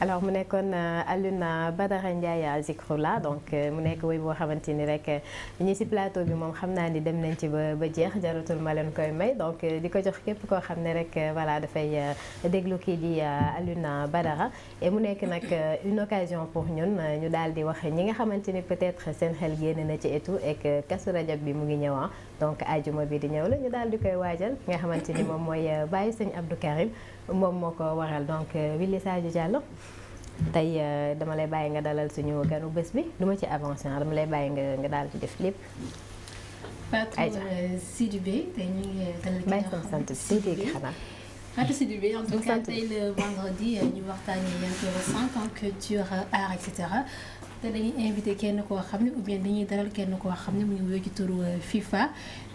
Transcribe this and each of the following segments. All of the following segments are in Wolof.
alors mu nekkoon euh, Alioune Badara Ndiaye Zikroullah donc euh, mu nekk woy boo xamante ni rek euh, ñi ci plateau bi moom xam naa ni dem nañ ci ba ba jeex jaratul ma leen koy may donc di ko jox képp koo xam ne rek voilà dafay déglu kii di Alioune Badara et mu nekk nag une occasion pour ñun ñu daal di wax ñi nga xamante ni peut-être seen xel génn na ci et tout et que Rajab bi mu ngi ñëwaa ah. donc ajuma bi di ñëw la ñu daal di koy waajal nga xamante ni moom mooy euh, bàyyi sëñ Abdou Karim moom moo ko waral donc euh, Willy Sadio Diallo tey euh, dama lay bàyyi nga dalal suñu ganu bés bi duma ma ci avancé ah, dama lay bàyyi nga nga daal di def lépp. Fatou Sidibé tey ñu sant Sidibé xanaa. Fatou Sidibé en tout tey le vendredi ñu waxtaanee art et te dañuy invité kenn koo xam ne ou bien dañuy daral kenn koo xam ne mu ngi wéy ci turu euh, FIFA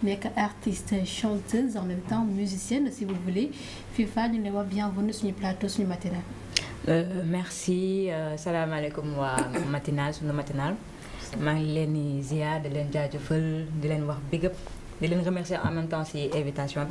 nekk artiste chanteuse en même temps musicienne si vous voulez FIFA ñu ne wax bienvenue suñu plateau suñu matinal. Euh, merci euh, salaamaaleykum waa matinal suñu matinal maa ngi leen di ziar di leen di leen wax big di leen remercier a même temps si invitation a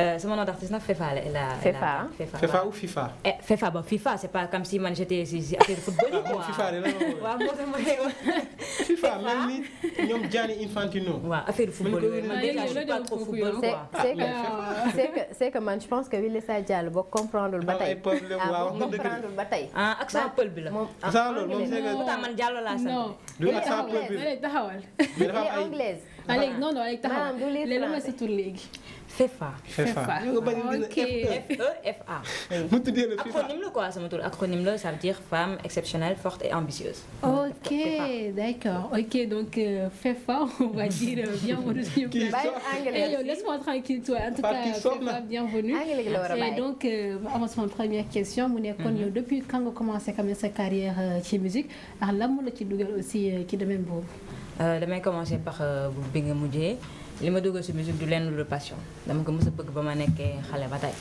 euh, sama nom d'artiste nag Fefa la FIFA. Eh, Fefa FIFA c'est pas comme si man j'étais si affaire football ah FIFA la waaw moo ma ne FIFA mel ni Infantino. waaw affaire football man déjà je suis pas trop football quoi. c'est ah, que c'est que c'est que man je pense que Wille Sa Diallo boo comprendre ba tey. Ah, waaw comprendre ba tey. ah accent pël bi la. moom accent anglaise léegi non non léegi taxaw léegi ma sa tur léegi FEFA. FEFA ok FEFA. mu tuddee la FIFA acronyme la quoi sama tur acronyme la ça veut dire femme exceptionnelle forte et ambitieuse. ok d'accord ok donc euh, FEFA on va dire euh, bienvenue suñu place. kii yow laisse-moi tranquille toi en tout cas FEFA bienvenue. et donc avant euh, sama question mu nekkoon mm-hmm. yow depuis quand nga commencé quand même sa carrière ci musique ak lan moo la ci dugal aussi ci domaine boobu. damay commencer par bu bi nga mujjee. li ma dugal si musique du lenn lu passion dama ko mës a bëgg ba ma nekkee xale ba tey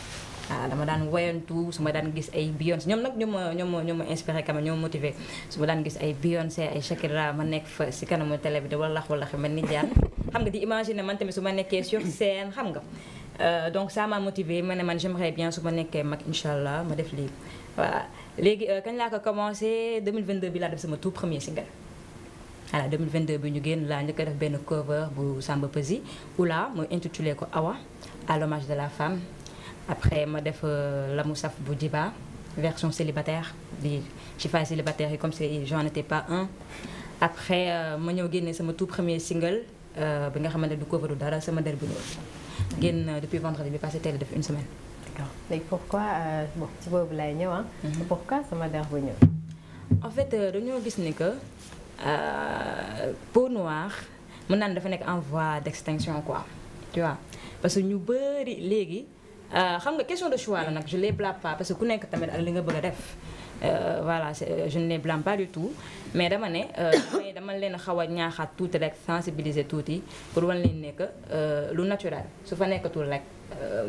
waaw ah, dama daan woyantu su ma daan gis ay Beyoncé ñoom nag ñoo ma ñoo ma ñoo ma inspiré quand ñoo ma motivé su ma daan gis ay Beyoncé ay ma nekk fa si kanamu télé bi de walax walax mel ni jaar xam nga di imaginer man tamit su ma nekkee sur scène xam nga euh, donc ça m'a motivé ma ne man j'aimerais bien su ma nekkee mag incha allah ma def lii voilà léegi euh, kañ laa ko commencé 2022 bi laa def sama tout premier single voilà 2022 bi ñu génn laa njëkk def benn cover bu Samba Peuzzi oula mu intitulé ko Awa à l'hommage de la femme après ma def euh, la mu saf bu Diba version célibataire di ci fay célibataire yi comme si j'en étais pas un après euh, ma ñëw génne sama tout premier single euh, bi nga ne du cover du dara sama der bu loolu génn depuis vendredi bi passé teel def une semaine léegi pourquoi euh, bon ci boobu laay ñëw mhm. sama der bu ñëw. en fait dañoo gis ni que Euh, peau noire mën naa ne dafa nekk en voie d'extinction quoi tu vois parce que ñu bëri léegi euh, xam nga question de choix la nag je les blâme pas parce que ku nekk tamit ak li nga bëgg a def euh, voilà je ne les blâme pas du tout mais dama ne mais dama leen xaw a ñaaxaat tuuti rek sensibiliser tuuti pour wan leen nekk que lu naturel su fa nekkatul rek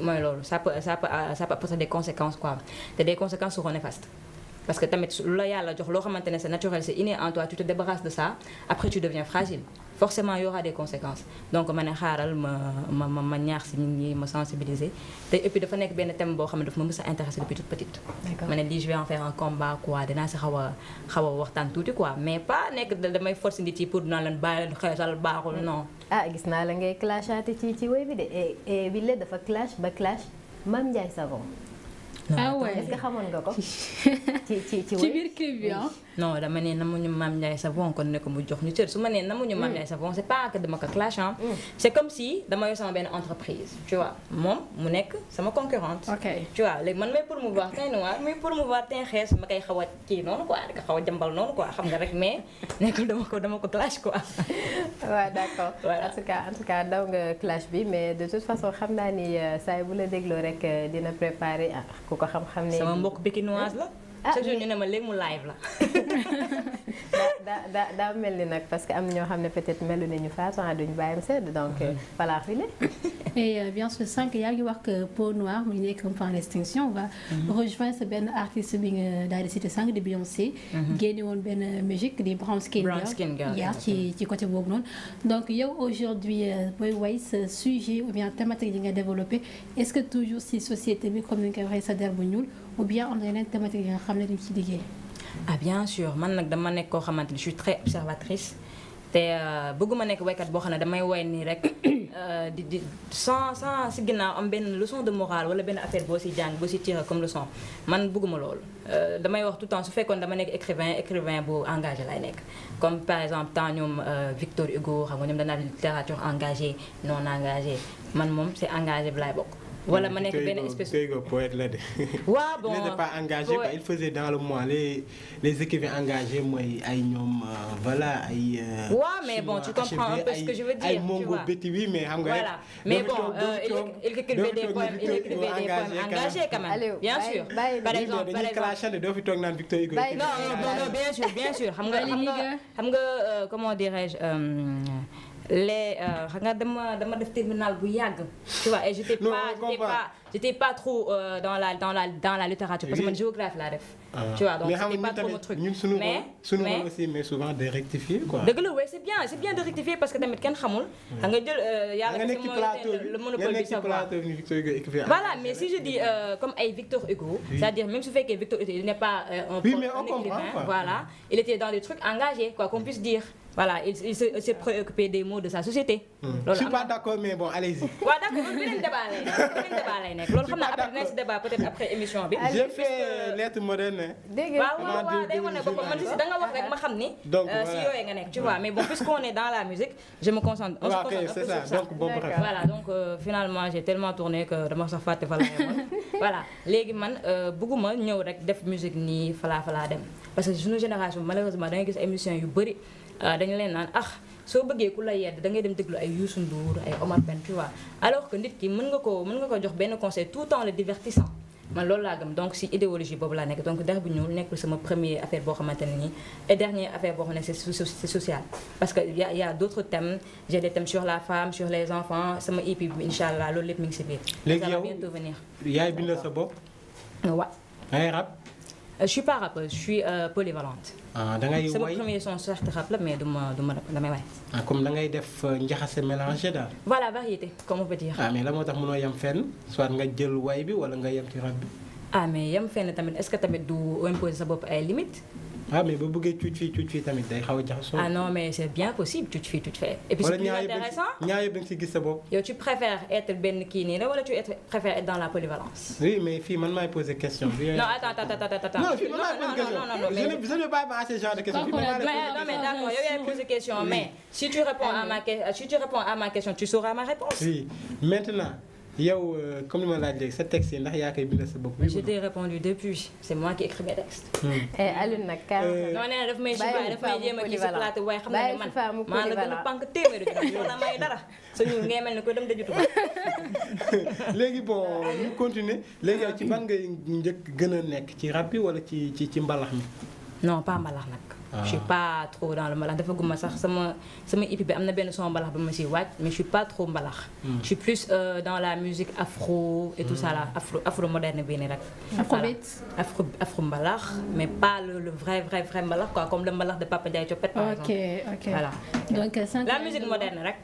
mooy loolu ça peut ça peut ça peut apporter des conséquences quoi te des conséquences seront néfastes parce que tamit lu la yàlla jox loo xamante ne c'est naturel c'est inné en toi tu te débarrasses de ça après tu deviens fragile forcément y aura des donc ma ne xaaral ma ma ma ñaax si nit ñi ma sensibiliser te et dafa nekk benn thème boo xam ne dafa ma mës a intéressé depuis toute petite ma ne lii je en combat quoi dinaa si xaw a a waxtaan tuuti quoi mais pas nekk damay force nit yi pour dinaa leen bàyyi leen xeesal baaxul mm. non ah gis naa la ngay clashaate ci bi le dafa clash ba clash Mame Ndiaye Savon ah ouais est-ce que xamoon nga ko. ci ci ci biir clip bi non dama ne namuñu Mame Ndiaye Savon kon ne ko mu jox ñu cër su ma nee namuñu Mame Ndiaye Savon c'est pas que dama ko clash ah. comme si dama yor sama benn entreprise tu moom mu nekk sama concurrente. ok tu vois léegi man may promouvoir teint noir muy promouvoir teint xees ma koy xaw a kii noonu quoi di ko xaw a jàmbal noonu quoi xam nga rek mais nekkul dama ko dama ko clash quoi. waaw d'accord en tout cas en tout cas daw nga clash bi mais de toute façon xam naa ni euh, saa bu la dégloo rek euh, dina préparer ah, ku ko xam-xam ne. sama la. Ah, chaque jour ñu ne ma léegi mu live la. daa daa mel ni nag parce que am na ñoo xam ne peut-être melu nañu façon a bàyyam sedd donc euh, mm-hmm. voilà file mais euh, bien yaa ngi wax que peau noire mu nekk comme point d'extinction on mm-hmm. benn artiste bi nga daal di cité sànq di mm-hmm. benn musique di Brown yaa ci ci côté boobu noonu donc yow aujourd'hui euh, booy way sa sujet ou bien thématique yi nga développé est-ce que toujours si société bi comme ni nga koy waxee sa der bu ñuul ou bien am na yeneen thématique yi nga xam ne dañ ci liggéey ah bien sûr man nag dama nekk koo xamante ni je suis très observatrice te euh, bëgguma nekk waykat boo xam ne damay woy nii rek euh, di di sans sans si ginnaaw am benn leçon de morale wala benn affaire boo si jàng boo si tiré comme leçon man bëgguma loolu euh, damay wax tout temps su fekkoon dama nekk écrivain écrivain bu engagé lay nekk comme par exemple temps ñoom Victor Hugo xam nga ñoom danaa littérature engagée non engagée man moom c'est engagé bi laay bokk wala ma nekk benn espèce Thégo poète la de. waaw bon il n'était pas engagé quoi il faisait dans le mois les les écrivains engagés mooy ay ñoom euh, voilà ay. Euh, waaw mais bon tu comprends un peu ce que je veux dire. ay Mongo Betty oui mais xam nga. voilà mais bon euh, il écrivait des poèmes il écrivait des poèmes engagés quand même. bien sûr par exemple par exemple doo fi toog naan Victor Hugo. non non bien sûr bien sûr xam nga xam nga comment dirais-je. les euh, xam nga dama def terminal bu yàgg tu vois et j'étais pas trop euh, dans la littérature parce que man géographie laa def. Ah. tu vois donc c'était pas trop truc mais xam nga mais souvent day rectifier quoi. dëgg la oui parce que tamit kenn xamul. xam nga euh, nga nekk ci plateau bi nga nekk ci plateau bi Victor voilà mais si je dis comme ay Victor Hugo. c'est-à-dire même su fekkee Victor Hugo il n'est pas un. oui mais on voilà il était dans des trucs engagés voilà il il s'est s'est préoccupé des maux de sa société. Hmm. loolu am je suis pas d'accord mais bon allez-y. waaw d'accord loolu beneen débat lay nekk beneen débat lay nekk loolu xam naa après dinañ si débat peut-être après émission bi. j'ai fait lettre moderne. dégg nga waaw waaw waaw day wane boppam man si da nga rek ma xam ni. donc euh, voilà si yooyu nga nekk tu vois mais bon puisqu'on est dans la musique je me concentre. on se concentre un peu sur donc bon bref. voilà donc euh, finalement j'ai tellement tourné que dama fa la léegi man euh, bëgguma ñëw rek def nii falaa falaa dem parce que suñu génération malheureusement da gis émission yu bari Euh, dañu leen naan ah soo bëggee ku la yedd da ngay dem déglu ay Youssou Ndour ay Omar Pène tu vois alors que nit ki mën nga ko mën nga ko jox benn conseil tout temps le divertissant man loolu laa gëm donc si idéologie boobu laa nekk donc der bu ñuul nekkul sama premier affaire boo xamante ne nii et dernière affaire boo xam ne c'est social parce que y a y a d'autres thèmes sur la femme sur les enfants sama EP bi incha allah loolu lépp mi ngi si biir. léegi yow yaay bindal sa bopp. waaw. ngay rap. Euh, ah da ngay sama premier son sax rap la mais ma du ah, comme da ngay def euh, njaxase mélangé daal. voilà variété comme on peut dire. ah moo tax mënoo yem fenn soit nga jël way bi wala nga yem ci rab bi. ah mais yem fenn tamit est-ce que tamit du imposer sa bopp ay limites. ah mais boo bëggee cuuc fii cuuc fii tamit day xaw ah non mais c' est bien possible cuuc fii cuuc fee. et puis c' est plus intéressant wala benn kii nii la wala tu préfères dans la polyvalence. oui mais fii man maay poser question. non attends attends attends. non fii man maay poser question non non non non mais d' accord mais si tu réponds à ma si tu réponds à ma question tu sauras ma réponse. oui yow euh, comme ni ma laa léegi sa texte yi ndax yaa koy bindal sa bopp. oui de t'ai répondu depuis c'est moi qui écris mes textes. Hmm. Eh, nag carrément. Euh, non nee na daf may subaay daf may jéem a kii si plateau waaye xam nga ne man maa la gën a pànk dara sa ñuul ngay mel ko dem dajutu ko. léegi bon ñu continuer léegi yow ci ban ngay njëkk gën a nekk ci rap bi wala ci ci ci mbalax mi. non pas mbalax nag. je suis pas trop dans le mbalax dafa guma sax sama sama hippie bi am na benn son mbalax ba ma siy waaj mais je suis pas trop mbalax. Hmm. suis plus euh, dans la musique afro. et tout ça là hmm. afro afro moderne bi nii rek. afrobeat afro afro mbalax mais pas le vrai vrai vrai mbalax quoi comme de Papa Ndiaye Thiopet. par exemple ok ok voilà donc euh, la musique moderne rek.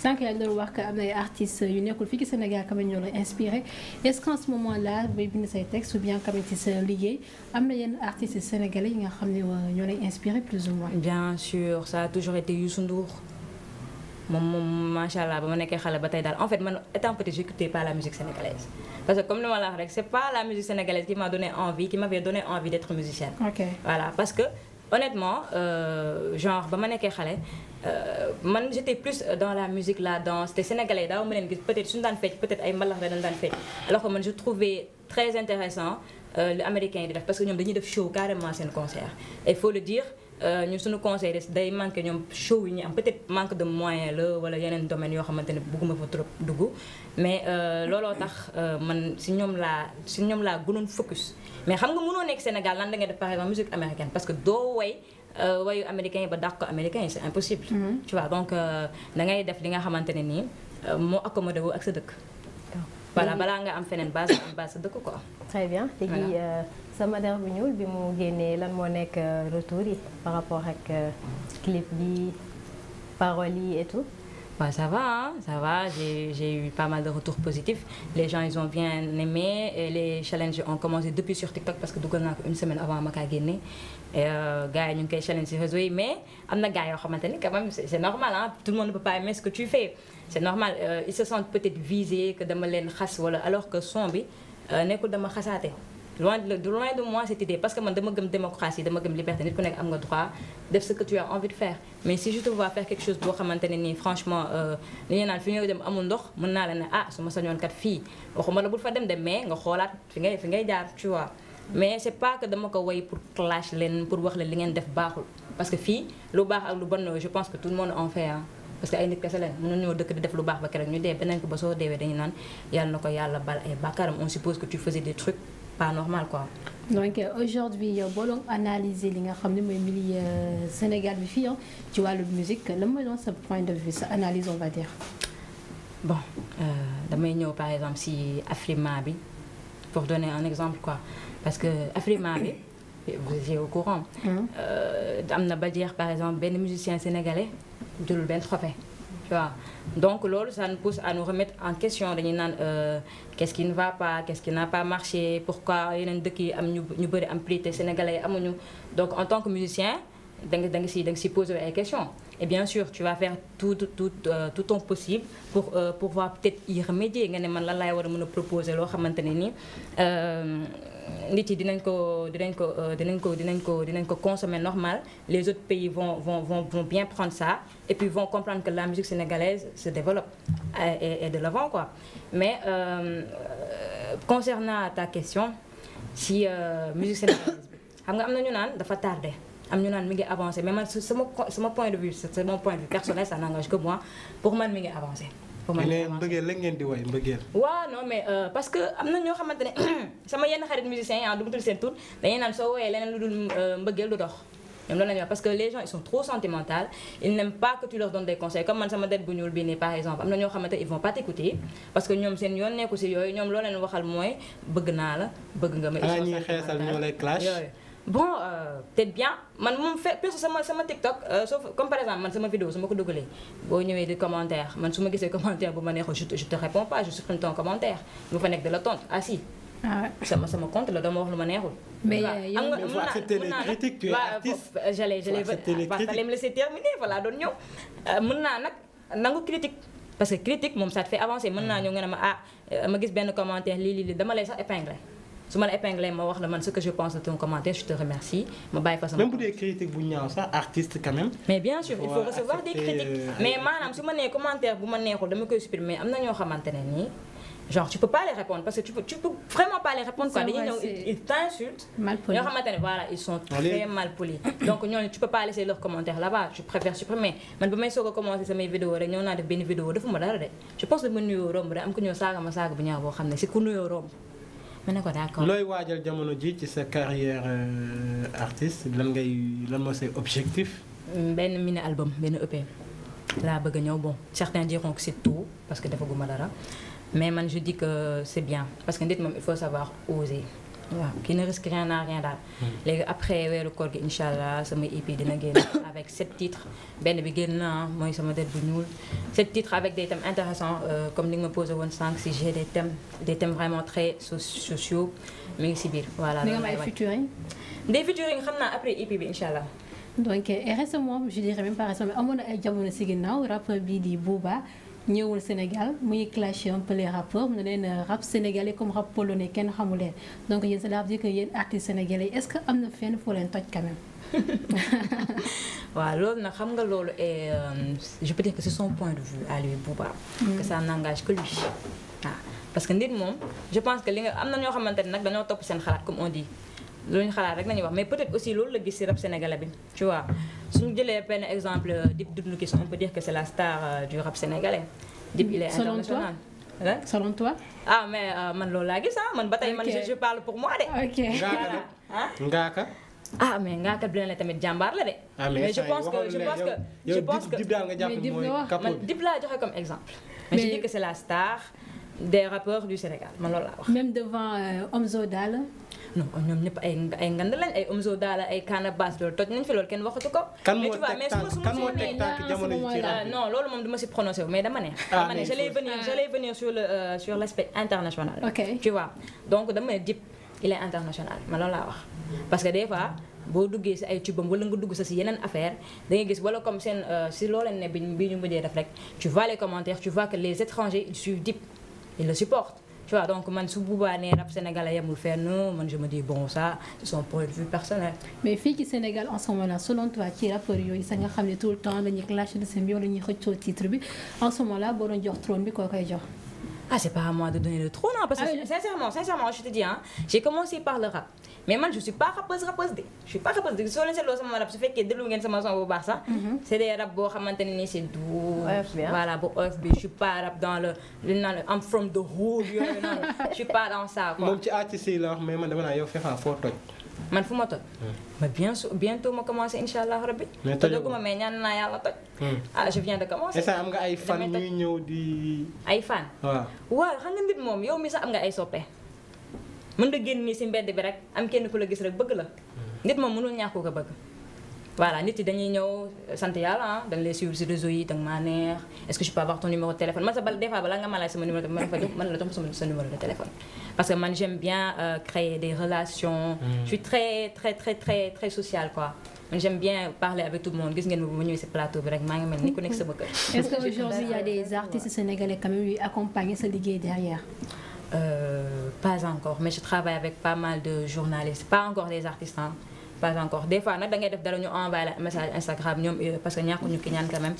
sànq yaa ngi doon wax que am na ay artistes yu nekkul fii ci Sénégal quand même ñoo la inspiré est-ce qu'en ce moment là bay bind say textes sa liggéey am na yenn artistes sénégalais yi nga xam ni ñoo lay inspiré plus ou moins. bien sûr ça a toujours été Youssou Ndour moom moom macha allah ba ma nekkee xale ba tey daal en fait man étant petit j'écoutais pas la musique sénégalaise parce que comme ni ma la rek c'est pas la musique sénégalaise qui m'a donné envie qui m'avait donné envie d'être honnêtement euh, genre ba ma nekkee xale euh, man j'étais plus dans la musique la danse te sénégalais daaw ma leen gis peut-être suñu daan fecc peut-être ay mbalax la dañ daan fecc alors que man je trouvais très intéressant euh, lu américain yi di def parce que ñoom dañuy def show carrément seen concert il faut le dire Euh, ñu suñu conseil day manqué ñoom show yi ñu am peut-être manque de moyen la wala yeneen domaine yoo xamante ne bëgguma fa trop dugg mais euh, looloo tax euh, man si ñoom laa si ñoom laa gunóon focus mais xam nga mënoo nekk Sénégal lan da nga def par exemple musique américaine parce que doo way wayu américain yi ba dàq ko américain yi si impossible mm-hmm. tu vois donc da ngay def li nga xamante ne nii moo accommodé wu ak sa dëkk voilà mm-hmm. balaa nga am feneen base sa dëkk quoi très bien léegi sama der bu ñuul bi mu génnee lan moo nekk euh, retour yi par rapport ak euh, clip bi paroles yi et tout. Bah, ça va hein? ça va j'ai j'ai mal de retours positifs les gens ils ont bien aimé et les challenges ont commencé depuis sur TikTok parce que dugal naa ko une semaine avant ma kaa génne euh, gars yi ñu ngi koy challenge ci réseau yi mais am na gars yoo xamante ni quand même c'est normal ah tout le monde ne peut pas aimer ce que tu fais c'est normal euh, ils se sentent peut-être visés que dama leen xas wala alors que son bi nekkul dama xasaate loin de loin de moi parce que man dama gëm démocratie dama gëm liberté nit ku nekk am nga droit def ce que tu as envie de faire mais si je te vois faire quelque chose boo xamante ne nii euh, naan fi ñëw dem amul ndox mën naa la ne ah su ma sañoon kat fii waxuma la bul fa dem de mais nga xoolaat fi ngay fi ngay jaar tu vois mais c'est pas que dama ko woy pour clash leen pour wax leen li ngeen def baaxul parce que fii lu baax ak lu bon je pense que pas normal quoi. donc euh, aujourd'hui yow euh, boo doon analyser li nga xam ne mooy milieu Sénégal bi fii ci wàllu musique la mooy doon sa point de vue sa analyse on va dire. bon euh, damay ñëw par exemple si Afrima bi pour donner un exemple quoi parce que Afrima bi. vous étiez au courant. am na ba jeex par exemple benn musicien sénégalais jëlul benn trophée. tu donc loolu ça nous pousse à nous remettre en question dañuy naan euh, qu'est-ce qui ne va pas qu'est-ce qui n'a pas marché pourquoi yeneen dëkk yi am ñu ñu bëri am pli te sénégalais yi amuñu donc en tant que musicien da nga da nga si da si poser ay questions et bien sûr tu vas faire tout tout euh, ton possible pour euh, pouvoir peut-être y remédier nga ne man lan laay war a mën a proposé loo xamante ne nii nit yi dinañ ko dinañ ko euh, dinañ ko dinañ ko dinañ ko consommer normal les autres pays von vont vont vont bien prendre ça et puis von comprendre que la musique sénégalaise se développe et, et de l'avant quoi mais euh, euh, concernant ta question si euh, musique sénégalaise bi xam nga am na ñu naan dafa tardé am ñu naan mi ngi avancé mais man sama sama point de vue c'est mon point de vue personnel ça n'engage que moi pour man mi ngi avancé mais mbëggeel la ngeen di woy mbëggeel. waaw non mais euh, parce que am na ñoo xamante ne sama yenn xarit musiciens yi ah, du mu tudd seen tur dañuy naan soo woyee leneen lu dul euh, mbëggeel du dox. ñoom loolu la wax parce que les gens ils sont trop sentimentaux ils n'aiment pas que tu leur donnes des conseils comme man sama dette bu ñuul bii nii par exemple am na ñoo xamante ils vont pas parce que ñoom seen yoon nekku ci yooyu ñoom loo leen waxal mooy bëgg naa bon euh, peut-être bien man moom fait perso sama sama TikTok euh, soo comme par exemple man sama vidéo su ma ko dugalee boo ñëwee di commentaire man su ma gisee commentaire bu ma neexul je te je te réponds pas je commentaire bu fa nekk de la tontu ah si. Ah sama sama compte la dama wax lu ma neexul. mais yow il faut accepter les critiques tu es artiste. Euh, j'allais j'allais fallait me laisser terminer voilà doon ñëw mën naa nag nangu critique parce que critique moom ça te fait avancer mën naa ah. ñëw nga ne ma ah ma gis benn commentaire lii lii lii dama lay su ma la épinglé ma wax la man ce que je pense de ton commentaire je te remercie ma bàyyi fa sama. même bu dee critique bu ñaaw sax artiste quand même. mais bien sûr il faut recevoir des critiques euh, mais euh, maanaam su ma nee commentaire bu ma neexul dama koy supprimer am na ñoo xamante ne nii. genre tu peux pas les parce que tu peux tu peux vraiment pas les répondre quoi dañuy ñëw ils là-bas je préfère supprimer man ba may soog a samay vidéo rek ñëw bu ñaaw boo xam ne si ku nuyoo ma ne ko d'accord looy waajal jamono ji ci sa carrière euh, artiste lan la lan moo say objectif. benn mini album benn EP laa bëgg ñëw bon certains diront que c'est parce que dafa guma dara mais man jeu dis que c'est bien parce que nit moom il faut savoir oser. waaw ki ne risque rien n'a rien daal. Hmm. léegi après weeru koor gi incha allah sama EP dina génn avec sept titres benn bi génn na mooy sama dër bu ñuul. sept titres avec des thèmes intéressants euh, comme ni nga ma posé woon sànq si j'ai des thèmes des thèmes vraiment très sociaux mu ngi si biir voilà. ni nga may featuring. des featuring xam naa après EP bi incha allah. donc euh, récemment je dirais même pas récemment amoon na ay jamono si ginnaaw rappeur bii di Booba. ñëwul Sénégal muy clashé un peu les rappeurs mu ne euh, comme rap polonais kenn xamu leen donc yéen cela veut yéen artistes sénégalais est-ce que am na fenn foo leen toj quand même. waaw loolu nag xam nga loolu et euh, je peux dire que c'est son point de vue à lui Bouba. Mm. que ça n'engage que lui. waaw ah, parce que nit moom je pense que li nga am na ñoo xamante ne nag dañoo topp seen xalaat comme on dit. luñu xalaat rek nañu wax mais peut-être aussi loolu la gis si rap sénégalais bi tu vois suñu jëlee benn exemple euh, Dip Doundou Guiss on peut dire que c'est la star euh, du rap sénégalais Dip il est international hein? selon toi ah mais euh, man loolu laa gis ah man ba tey man je parle pour moi de ok ah. ngaaka ah mais ngaa kat bi tamit jàmbaar la de. Ah, mais je pense que je pense que je pense que daal nga jàpp mooy dib laa joxe comme exemple. mais je dis que c'est la star. de rappeurs du Sénégal man loolu laa wax. même devant euh, Omzo Dollar. non ñoom ñëpp ay ay ngand lañ ay Omzo Dollar ay Canabasse loolu toj nañ fi loolu kenn waxatu ko. kan moo teg tànk kan moo teg tànk jamono yi ci rap non ma si prononcé mais dama ne. Ah, dama ne j'allais venir ah. j'allais venir sur le euh, sur l'aspect international. ok tu vois donc dama ne Dip il international man loolu laa wax parce que des boo duggee si ay tubam wala nga dugg sa si yeneen affaire da gis wala comme seen euh, si loo leen ne bi ñu mujjee def rek tu vois les commentaires ils la supportent. Tu vois, donc man su boobaa nee rap sénégalais yemul fenn man je me dis bon ça c'est son point de vue personnel. mais fii ci Sénégal en ce moment selon toi ci rappeurs yooyu sax nga xam ne tout le temps dañuy clash de seen yoon dañuy xëccoo titre bi en ce moment là boo doon jox trône bi koo koy jox. ah c'est pas à moi de donner le trop non parce que ah, sincèrement sincèrement je te dis ah j'ai commencé par le rap mais man je suis pas rappeuse rappeuse de je suis pas rappeuse de soo leen seetloo sama rap su fekkee déglu ngeen sama son bu baax sax mhm. c'est des rap boo xamante ne ni c'est doux voilà bu oyof bi je suis pas rap dans le li ñu naan I'm from the hood yooyu noonu je suis pas dans ça quoi moom ci artiste yi la wax mais man dama naa yow fexaa foo toj man fu ma toj. Hmm. mais bien sûr bientôt ma commencé incha allah rabbi. mais tojaguma mais ñaan naa yàlla toj. Hmm. ah je viens de commencer. est-ce am nga ay fan ñuy ñëw di. ay fan. waaw waaw xam nga nit moom yow mi sax am nga ay soppe. mën nga génn nii si mbedd bi rek am kenn ku la gis rek bëgg la. Hmm. nit moom mënul ñàkk ko bëgg. voilà nit yi dañuy ñëw euh, sant yàlla ah da nga lay suivre si réseau yi da nga maa neex est-ce que je peux avoir ton numéro de téléphone man sa bal de la numéro de téléphone. parce que man j'aime bien euh, créer des relations. Mm. je suis très très très très très sociale quoi. man j'aime bien parler avec tout le monde gis ngeen ma bu ma plateau bi rek maa ngi mel ni ku nekk sama kër. est que aujourd'hui il y a des liggéey derrière. Euh, pas encore mais je travaille avec pas mal de journalistes pas encore des artistes hein. pas encore des fois nag dangay ngay def dara ñu envoyé la message Instagram ñoom parce que ñàkkuñu ki ñaan quand même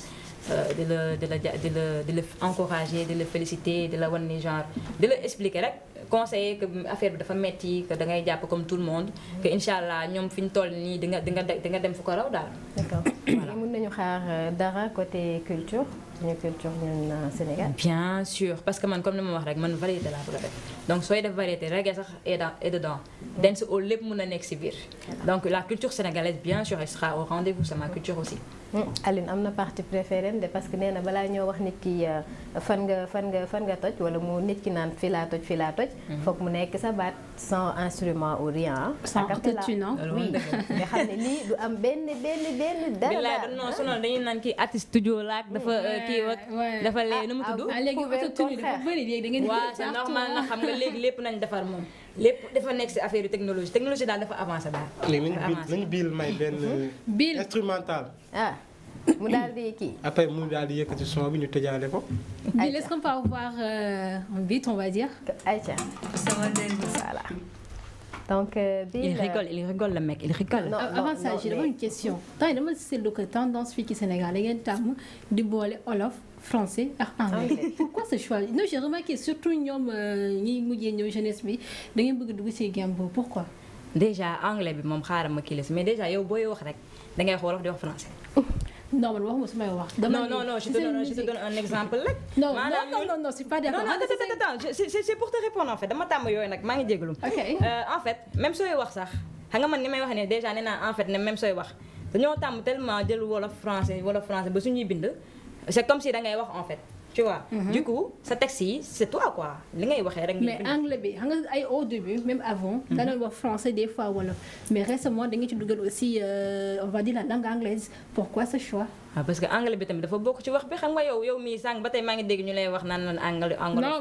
euh, di la di la di la di la encourager di la féliciter di la wan ni genre di la expliquer rek. conseil que affaire bi dafa metti que da ngay jàpp comme tout le monde. que incha allah ñoom fi ñu toll nii dinga dinga di di nga dem fu ko raw daal. d'accord mën nañu xaar euh, dara côté culture. suñu culture ñun euh, Sénégal. bien sûr parce que man comme ni ma wax rek man variété laa bëgg a def donc sooy def variété reggae sax et dans et dedans. lépp mun na nekk si biir. donc la culture sénégalaise bien sûr elle sera au rendez-vous c'est culture aussi. alin am na partie préférée de parce que nee na balaa ñoo wax nit ki euh, fan nga fan nga fan nga toj wala mu nit ki naan fii laa toj fii laa toj. Mhm. foog mu nekk sa baat sans instrument ou rien. Ah. sans autotune oui nga xam ne lii du am benn benn benn dara. bilaay non sinon dañuy naan kii artiste studio laak dafa euh, kii dafa lee nu mu ah, tudd. ah, ah léegi autotune dafa bëri léegi da ngeen. waaw defar moom. lépp defa nekk si affaire technologie technologie daal dafa avancé daal. avancé nañu biil may benn. Mhm. biil instrumental. ah mu daal di kii. après mu daal di yëkkati son bi ñu tëjaale ko. ayca bi est-ce qu'on peut avoir euh, un beat on va dire. ayca. voilà. donc bii euh, il euh, rigole il rigole le mec il rigole. non ah, non avant ça une question. temps yii dama seetlu que tendance fii ci Sénégal da ngeen tàmm di boole olof. français ak ah, anglais ah, ah, pourquoi ce choix non j'ai remarqué surtout ñoom euh, ñiy mujjee ñëw jeunesse bi da bëgg dugg si game boobu pourquoi. déjà anglais bi moom xaaral ma kii mais déjà yow booy wax rek da ngay xoolof di wax français. Oh, non waxuma su may wax. dama non non je te donne je te donne un exemple rek. non non non non c'est pas d'accord. non non c'est pour te répondre en fait dama tàmm yooyu nag maa ngi jégalu. ok euh, en fait même sooy wax sax xam nga man ni may wax ne déjà nee naa en fait ne même sooy wax dañoo tàmm tellement jël wolof français wolof français ba suñuy c'est comme si da ngay wax en fait. tu vois. Mhm. du coup sa texte yi c'est toi quoi li ngay waxee rek. mais anglais bi xam nga ay au début même avant. Mhm. da doon wax français des fois wala mais récemment da nga ci dugal aussi euh, on va dire la langue anglaise pourquoi ce choix. Ah, parce que anglais bi tamit dafa bokk ci wax bi xam nga yow yow mi sànq ba tey maa ngi dégg ñu lay wax naan lan anglais anglais.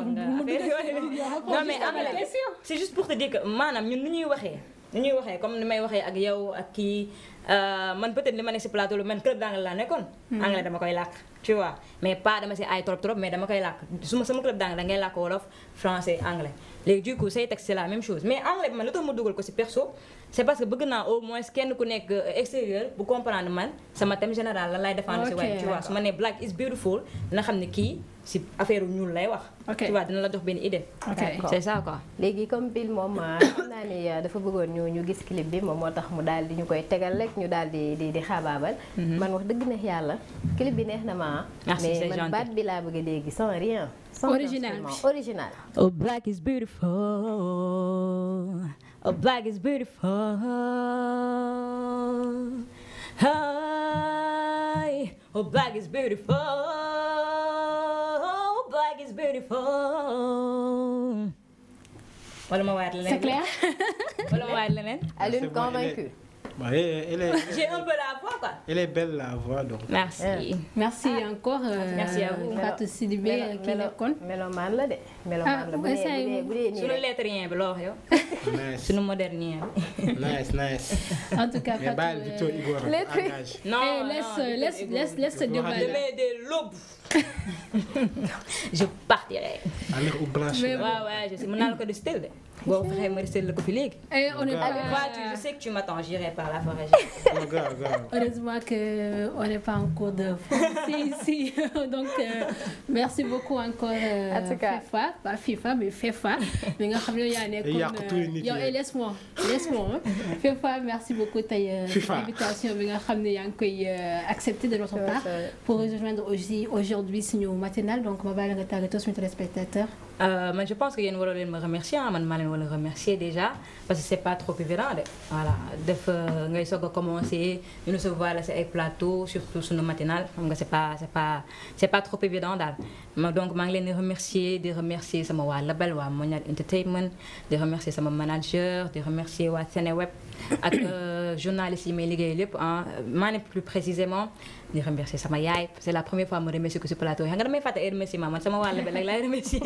non mais anglais c'est juste pour te dire que maanaam ñun ni ñuy waxee. ni ñuy waxee comme ni may waxee ak yow ak kii. man peut li ma nekk si plateau lu man club d'anglais laa nekkoon. anglais dama koy làkk tu vois mais pas dama si ay trop trop mais dama koy làkk su ma sama club d'anglais dangay làkk wolof français anglais léegi du say texte c'est la même chose mais anglais bi man lu tax ma dugal ko si perso. c' est parce que bëgg naa au moins kenn ku nekk euh, extérieur bu comprendre man sama thème général la lay défendre si waaye tu vois su ma nee black is beautiful dina xam ne kii si affaire ñuul lay wax. tu vois dina la jox benn idée. ok c' est ça quoi. léegi comme Bill moom ah, xam naa ne ah, dafa bëggoon ñu ñu gis clip bi moom moo tax mu daal di ñu koy tegal rek ñu daal di di di xaabaabal. Mhm. man wax dëgg neex yàlla clip bi neex na ma ah. mais man baat bi laa bëgg léegi sans rien. sans original original. oh black is beautiful. black is beautiful. Hi, oh, black is beautiful. Oh, black is beautiful. wala ma waat leneen. c'est clair. wala ma waat leneen. Alune convaincu. Bah, elle, est... J'ai un la voix, quoi. Elle est belle, la voix, donc. Merci. Yeah. Merci ah. encore. Euh, merci à vous. Fatou Sidibé, qui est con. Mélomane, là, de. Mélomane, ah, là. yo. Nice. Sur le modernien. Nice, nice. En tout cas, Fatou. Mais bah, Victor Igor, euh, engage. Non, eh, laisse, laisse, laisse, laisse, laisse, laisse, laisse, laisse, laisse, laisse, je partirai. allez au blanche. mais waaw waaw je sais mën naa la ko restel de. boo fexee ma restel la ko fi léegi. Eh, on est avec voiture je sais que tu m'attends j'irai par la forêt. heureusement que on n'est pas en cours de français ici donc euh, merci beaucoup encore. Euh, en tout cas FIFA pas FIFA mais FIFA. mi nga xam ne yaa nekkoon euh, yow et eh, laisse-moi laisse-moi FIFA merci beaucoup tey. Euh, invitation bi nga xam ne yaa ngi koy euh, accepté de notre part. pour rejoindre aussi aujourd'hui aujourd'hui suñu matinale donc ma bàyyi nga tàggatoo suñu téléspectateur man je pense que yéen waroo leen ma remercier ah, man maa leen war a déjà parce c'est pas trop évident de voilà def euh, ngay soog a commencer ñu ne se voilà si plateau surtout suñu matinale xam nga c'est pas c'est pas trop évident daal donc maa ngi leen di remercier di remercier sama label waa Monial Entertainment di remercier sama manager di remercier waa Seneweb ak euh, journaliste yi may liggéey lépp ah maa plus précisément di remercier sama yaay c'est la première fois ma remercier ko si plateau yi xam nga damay fàtte ay remerciement man sama wàll bi rek laay remercier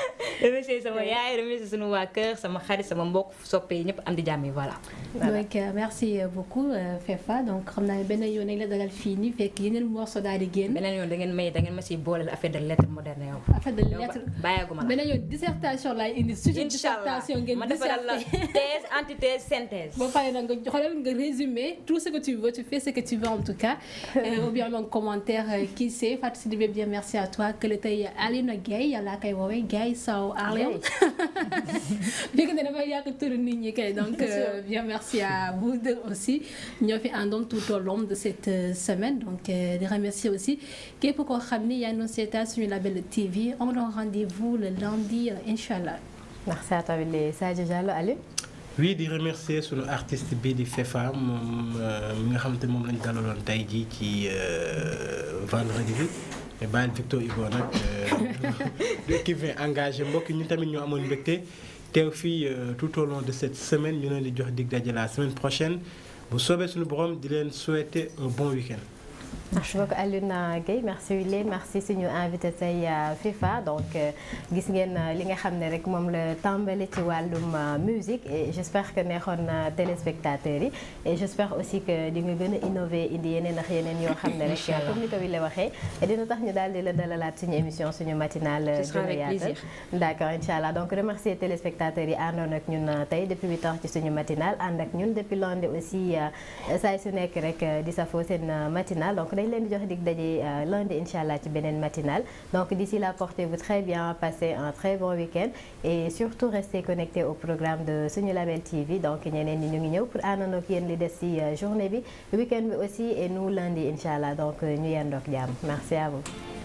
remercier sama yaay remercier sunu waa sama xarit sama mbokk soppe yi am di jàmm yi voilà. donc euh, merci euh, beaucoup Fefa donc xam naa beneen yoon da ngeen may da ngeen ma siy booleel de lettres moderne yow. affaire de lettres bàyyeeguma beneen yoon dissertation pare nag nga xoolal nga résumé tout ce que tu veux ce que tu veux en tout cas euh, ou bien commentaire euh, qui sait Fatou Sidibé bien merci à toi que le tey Alioune Gaye laa koy woowee Gaye Sow Arlem fekk ne dafay donc euh, bien merci à vous deux aussi tout au long de cette semaine donc di remercier aussi képp koo xam ni yaa ngi rendez-vous le lundi inchallah merci à toi Sadio Diallo Aliou wii di remercier suñu artiste bii di Fefa moom euh, mi nga xamante moom lañu dalaloon tey jii ci euh, vendredi bi te bàyyil Victor Hugo nag euh, l'équipe engagé mbokk ñu tamit ñoo amoon mbégte teew fii tout au long de cette semaine ñu leen di jox dig daje la semaine prochaine bu soobee suñu borom di leen souhaiter un bon week merci beaucoup Alioune Guèye merci Wilène merci suñu invité tey euh, FIFA donc euh, gis ngeen euh, li nga xam ne rek moom la tàmbali ci wàllum musique et j'espère que neexoon na yi et j'espère aussi que di nga gën a innover indi yeneen ak yeneen yoo xam ne rek comme ni ko Wilène waxee dina tax ñu daal di la dalalaat suñu émission suñu matinale dina yaatal d'accord incha allah donc remercier téléspectateurs yi àndoon ak ñun tey depuis huit heures ci suñu matinal ànd ak ñun depuis lundi aussi saay su nekk rek di safoo seen dañ leen di jox dig daje euh, lundi incha ci beneen matinal donc d'ici là portez-vous très bien passez un très bon week-end surtout restez connectés au programme de suñu label TV donc ñeneen ñi ñu ngi ñëw pour àndandoo ak yéen li des ci euh, journée bi week-end bi aussi et nous lundi incha allah donc euh, ñu yendoog jàmm merci à vous.